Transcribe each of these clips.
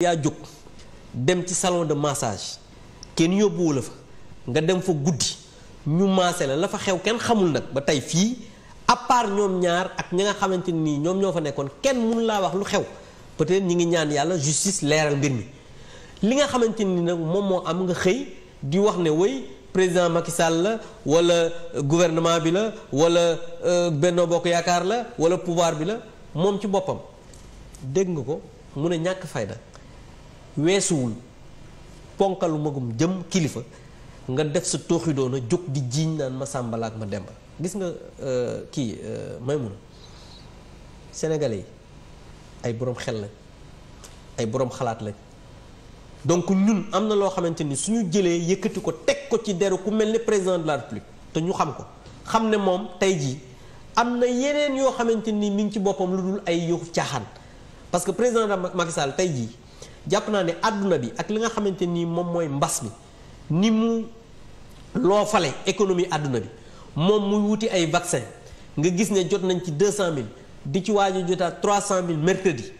yaa jóg dem ci salon de massage kenn yóbbuwu la fa nga dem fa guddi ñu maase la la fa xew kenn xamul nag ba tey fii à part ñoom ñaar ak ñi nga xamante nii ñoom ñoo fa nekkoon kenn mënu laa wax lu xew peut-être ñi ngi ñaan yàlla justice leeral mbir mi li nga xamante ni nag moom moo am nga xëy di wax ne way président Macky Sall la wala gouvernement bi la wala euh, benn Bokk Yaakaar la wala pouvoir bi la moom ci boppam dégg nga ko mu ne ñàkk fayda weesuwul ponkalu magum jëm kilifa nga def sa tooxi doona jóg di jiiñ naan ma sàmbala ak ma demba gis nga euh, kii euh, Maymuna sénégalais yi ay boroom xel lañ ay boroom xalaat lañ donc ñun am na loo xamante ni suñu jëlee yëkkati ko teg ko ci deru ku mel ni président de la république te ñu xam ko xam ne moom tey jii am na yeneen yoo xamante nii mi ngi ci boppam lu dul ay yow caaxaan parce que président Macky Sall tey jii jàpp naa ne àdduna bi ak li nga xamante nii moom mooy mbas mi ni mu loo fale économie àdduna bi moom muy wuti ay vaccin nga gis ne jot nañ ci deux cent mille di ci waaj a jotaat trois cent mille mercredi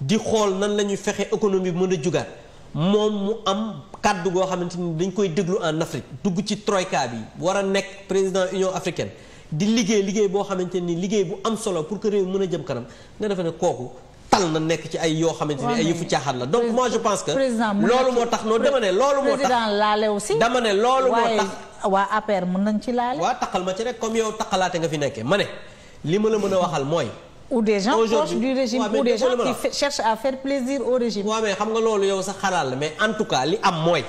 di xool nan la ñuy fexe économie bi mën a jugaat moom mu am kàddu goo xamante ni dañ koy déglu en Afrique dugg ci troïka bi war a nekk président Union africaine di liggéey liggéey boo xamante ni liggéey bu am solo pour que réew mën a jëm kanam nga defe ne kooku tal na nekk ci ay yoo xamante ni ay yëfu caaxaan la donc moi je pense que loolu moo tax noonu dama loolu moo tax président laale aussi dama ne loolu moo tax waa APR mën nañ ci laale waa taqal ma ci rek comme yow taqalaate nga fi nekkee ma ne li ma la mën a waxal mooy ou des gens proches du régime ou des gens qui cherchent à faire plaisir au régime waaw mais xam nga loolu yow sa xalaat la mais en tout cas li am mooy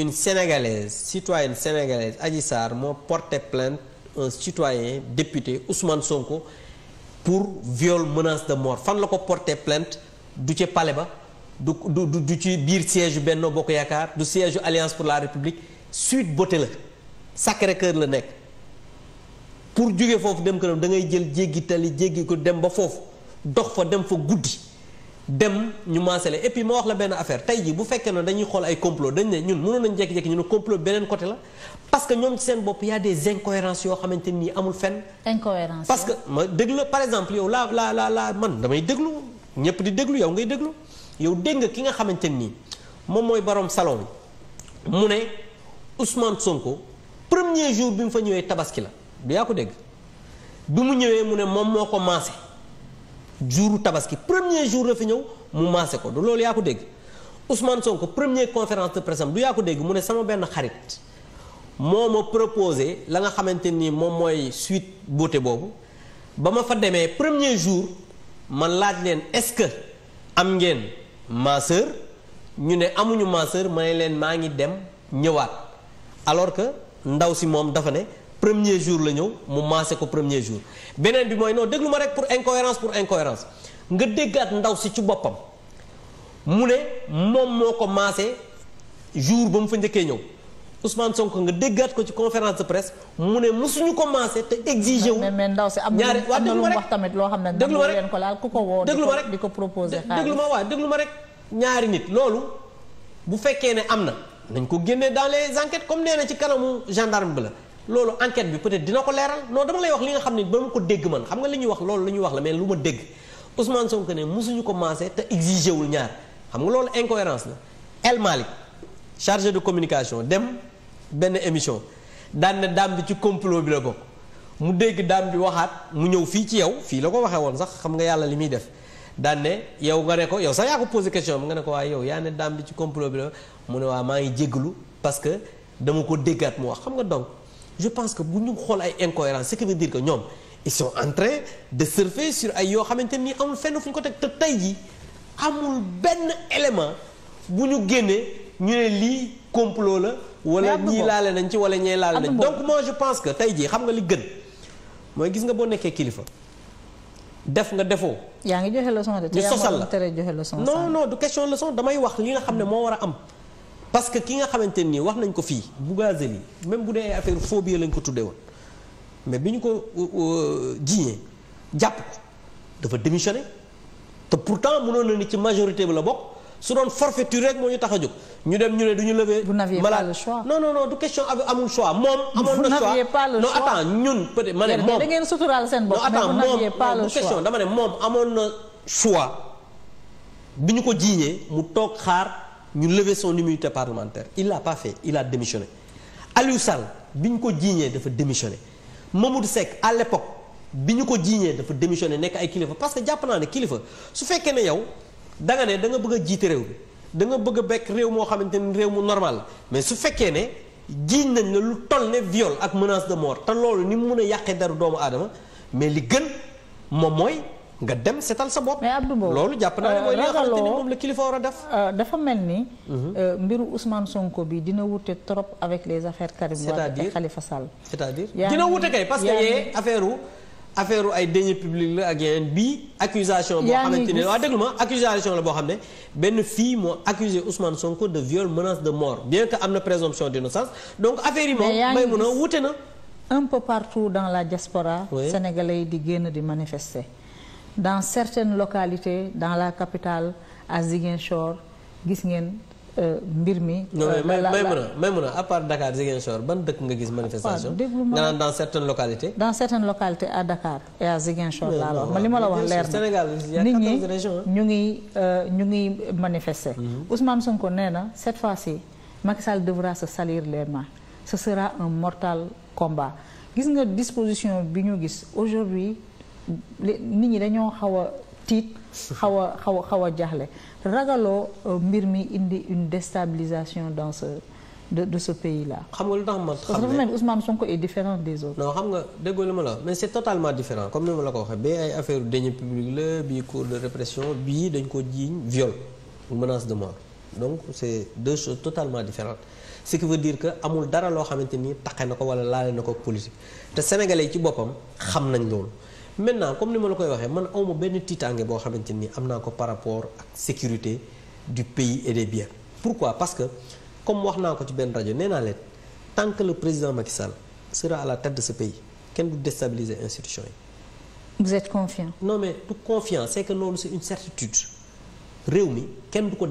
une sénégalaise citoyenne sénégalaise Adji moo porté plainte un citoyen député Ousmane Sonko pour viol menace de mort fan la ko porter plainte du ca pale ba du du du ci biir siège Benno Bokk Yaakaar du siège Alliance pour la République Sweet Beauté la Sacré-Cœur la nekk pour jóge foofu dem këram da ngay jël jéggi tali jéggi ko dem ba foofu dox fa dem fa guddi dem ñu maasale et puis ma wax la benn affaire tey jii bu fekkee ne dañuy xool ay complot dañ ne ñun mu mënoon nañ jékki-jékki ñu ne complot beneen côté la parce que ñoom ci seen bopp y a des yoo xamante nii amul fen incohérence parce que ma déglu par exemple yow laa la la la man damay déglu ñëpp di déglu yow ngay déglu yow dégg nga ki nga xamante nii moom mooy borom salon bi mu ne Ousmane Sonko premier jour bi mu fa ñëwee tabaski la du yaa ko dégg bi mu ñëwee mu ne moom moo ko juru tabaski premier jour la fi ñëw mu maase ko du loolu yaa ko dégg Ousmane Sonko premier conférence de presse am du yaa ko dégg mu ne sama benn xarit moo ma proposé la nga xamante ni moom mooy suite beauté boobu ba ma fa demee premier jour man laaj leen est-ce que am ngeen masseur ñu ne amuñu masseur ma ne leen maa ngi dem ñëwaat alors que ndaw si moom dafa ne premier jour la ñëw mu maase ko premier jour beneen bi mooy non déglu ma rek pour incohérence pour incohérence nga déggaat ndaw si ci boppam mu ne moom moo ko maase jour ba mu fa njëkkee ñëw Ousmane Sonko nga déggaat ko ci conférence de presse mu ne musuñu ko maase te exiger wu. mais ndaw si am na lu mu wax tamit loo xam ne déglu ma rek ko laal ku ko woo di ko proposé déglu ma waa déglu ma rek ñaari nit loolu bu fekkee ne am na nañ ko génnee dans les enquêtes comme nee na ci kanamu gendarme bi la loolu enquête bi peut-être dina ko leeral non dama lay wax li nga xam ni ba ma ko dégg man xam nga li ñuy wax loolu la ñuy wax la mais lu ma dégg Ousmane Sonko ne mosuñu ko commencé te exigé wul ñaar xam nga loolu incohérence la El Malick chargé de communication dem benn émission daan ne daam bi ci complot bi la bokk mu dégg daam bi waxaat mu ñëw fii ci yow fii la ko waxee woon sax xam nga yàlla li muy def daan ne yow nga ne ko yow sax yaa ko posé question bi nga ne ko waaye yow yaa ne bi ci complot bi la mu ne waa maa ngi jéggalu parce que dama ko déggaat mu wax xam nga donc je pense que bu ñu xool ay incohérence ce qui veut dire que ñoom ils sont en de surfer sur ay yoo xamante ni amul fenn fu ñu ko teg te tey ji amul benn élément bu ñu génnee ñu ne lii complot la wala ñii laale nañ ci wala ñee laale nañ donc moo je pense que tey jii xam nga li gën mooy gis nga boo nekkee kilifa def nga defoo. yaa ngi joxe leçon de. ñu sosal la joxe non non du question leçon damay wax li nga xam ne moo war a am parce que ki nga xamante nii wax nañ ko fii Bougazelli même bu dee affaire phobie lañ ko tuddee woon mais bi ñu ko euh, euh, jiiñee jàpp ko dafa démissionné te pourtant mënoon na ni majorité bi la bokk su doon forfaiture rek moo ñu tax a ñu dem ñu ne du ñu lever. vous n'aviez pas le choix non question amul choix moom. amoon na choix non attends ñun peut être ma ne moom da ngeen amoon na choix bi ñu ko jiiñee mu toog xaar. ñu lever son immunité parlementaire il l'a pas fait il a démissionné Sall bi ñu ko jiiñee dafa démissionné Mamadou Seck à l'époque bi ñu ko jiiñee dafa démissionné nekk ay kilifa parce que jàpp naa ne kilifa su fekkee ne yow da ne da nga bëgg a jiite réew bi da nga bëgg bekk réew moo xamante ni réew mu normal la mais su fekkee ne jiiñ nañ la lu toll ne viol ak menace de mort te loolu ni mu mun a yàqee daru doomu aadama mais li gën moom mooy nga dem setal sa bopp. mais Abdou Mbow loolu jàpp naa ne mooy li nga ni moom la kilifa war a def. Euh, dafa mel ni. Euh, mbiru Ousmane Sonko bi dina wute trop avec les affaires Karim Wade ak Khalifa Sall. c'est-à-dire dina parce que yee affaire ay deniers publics la bii. accusation boo xamante ne waaw déglu la boo xam ne benn fille moo accusé Ousmane Sonko de viol menace de mort bien que am na présomption d'innocence donc affaire yi moom. may mun a wute na. un peu partout dans la diaspora. sénégalais yi di génn di manifester. dans certaines localités dans la capitale à Ziguinchor gis ngeen euh, mbir mi. Euh, la la may mën a à Dakar Ziguinchor ban dëkk nga gis manifestation. nga naan dans certaines localités. dans certaines localités à Dakar et à Ziguinchor. laa la wax ma li ma la wax leer na nit ñi ñu ngi euh, ñu ngi manifester. Mhm. Ousmane Sonko nee na cette fois-ci Macky Sall devra se salir les mains ce sera un mortal combat gis nga disposition bi ñu gis aujourd'hui nit ñi dañoo xaw a tiit xaw a xaw a xaw a jaaxle ragaloo euh, mbir mi indi une déstabilisation dans ce de de ce pays là. xam nga ma tax man xam ne Ousmane Sonko est différent des autres. non xam nga déggoo li ma la mais la ko waxee ba ay affaire deniers publics la bii bii dañ ko jiiñ viol menace de mort donc c' est deux totalement différentes ce qui veut dire que amul dara loo xamante ni taqe na ko wala laale na ko politique te sénégalais ci boppam xam nañ loolu. maintenant comme ni ma la koy waxee man awma benn tiitaange boo xamante ni am naa ko par rapport ak sécurité du pays et des biens pourquoi parce que comme wax naa ko ci benn rajo nee naa leen tant que le président Macky Sall sera à la tête de ce kenn du déstabiliser institution yi. vous êtes confiant. non mais du confiant c'est que loolu c'est une certitude réew mi kenn du ko.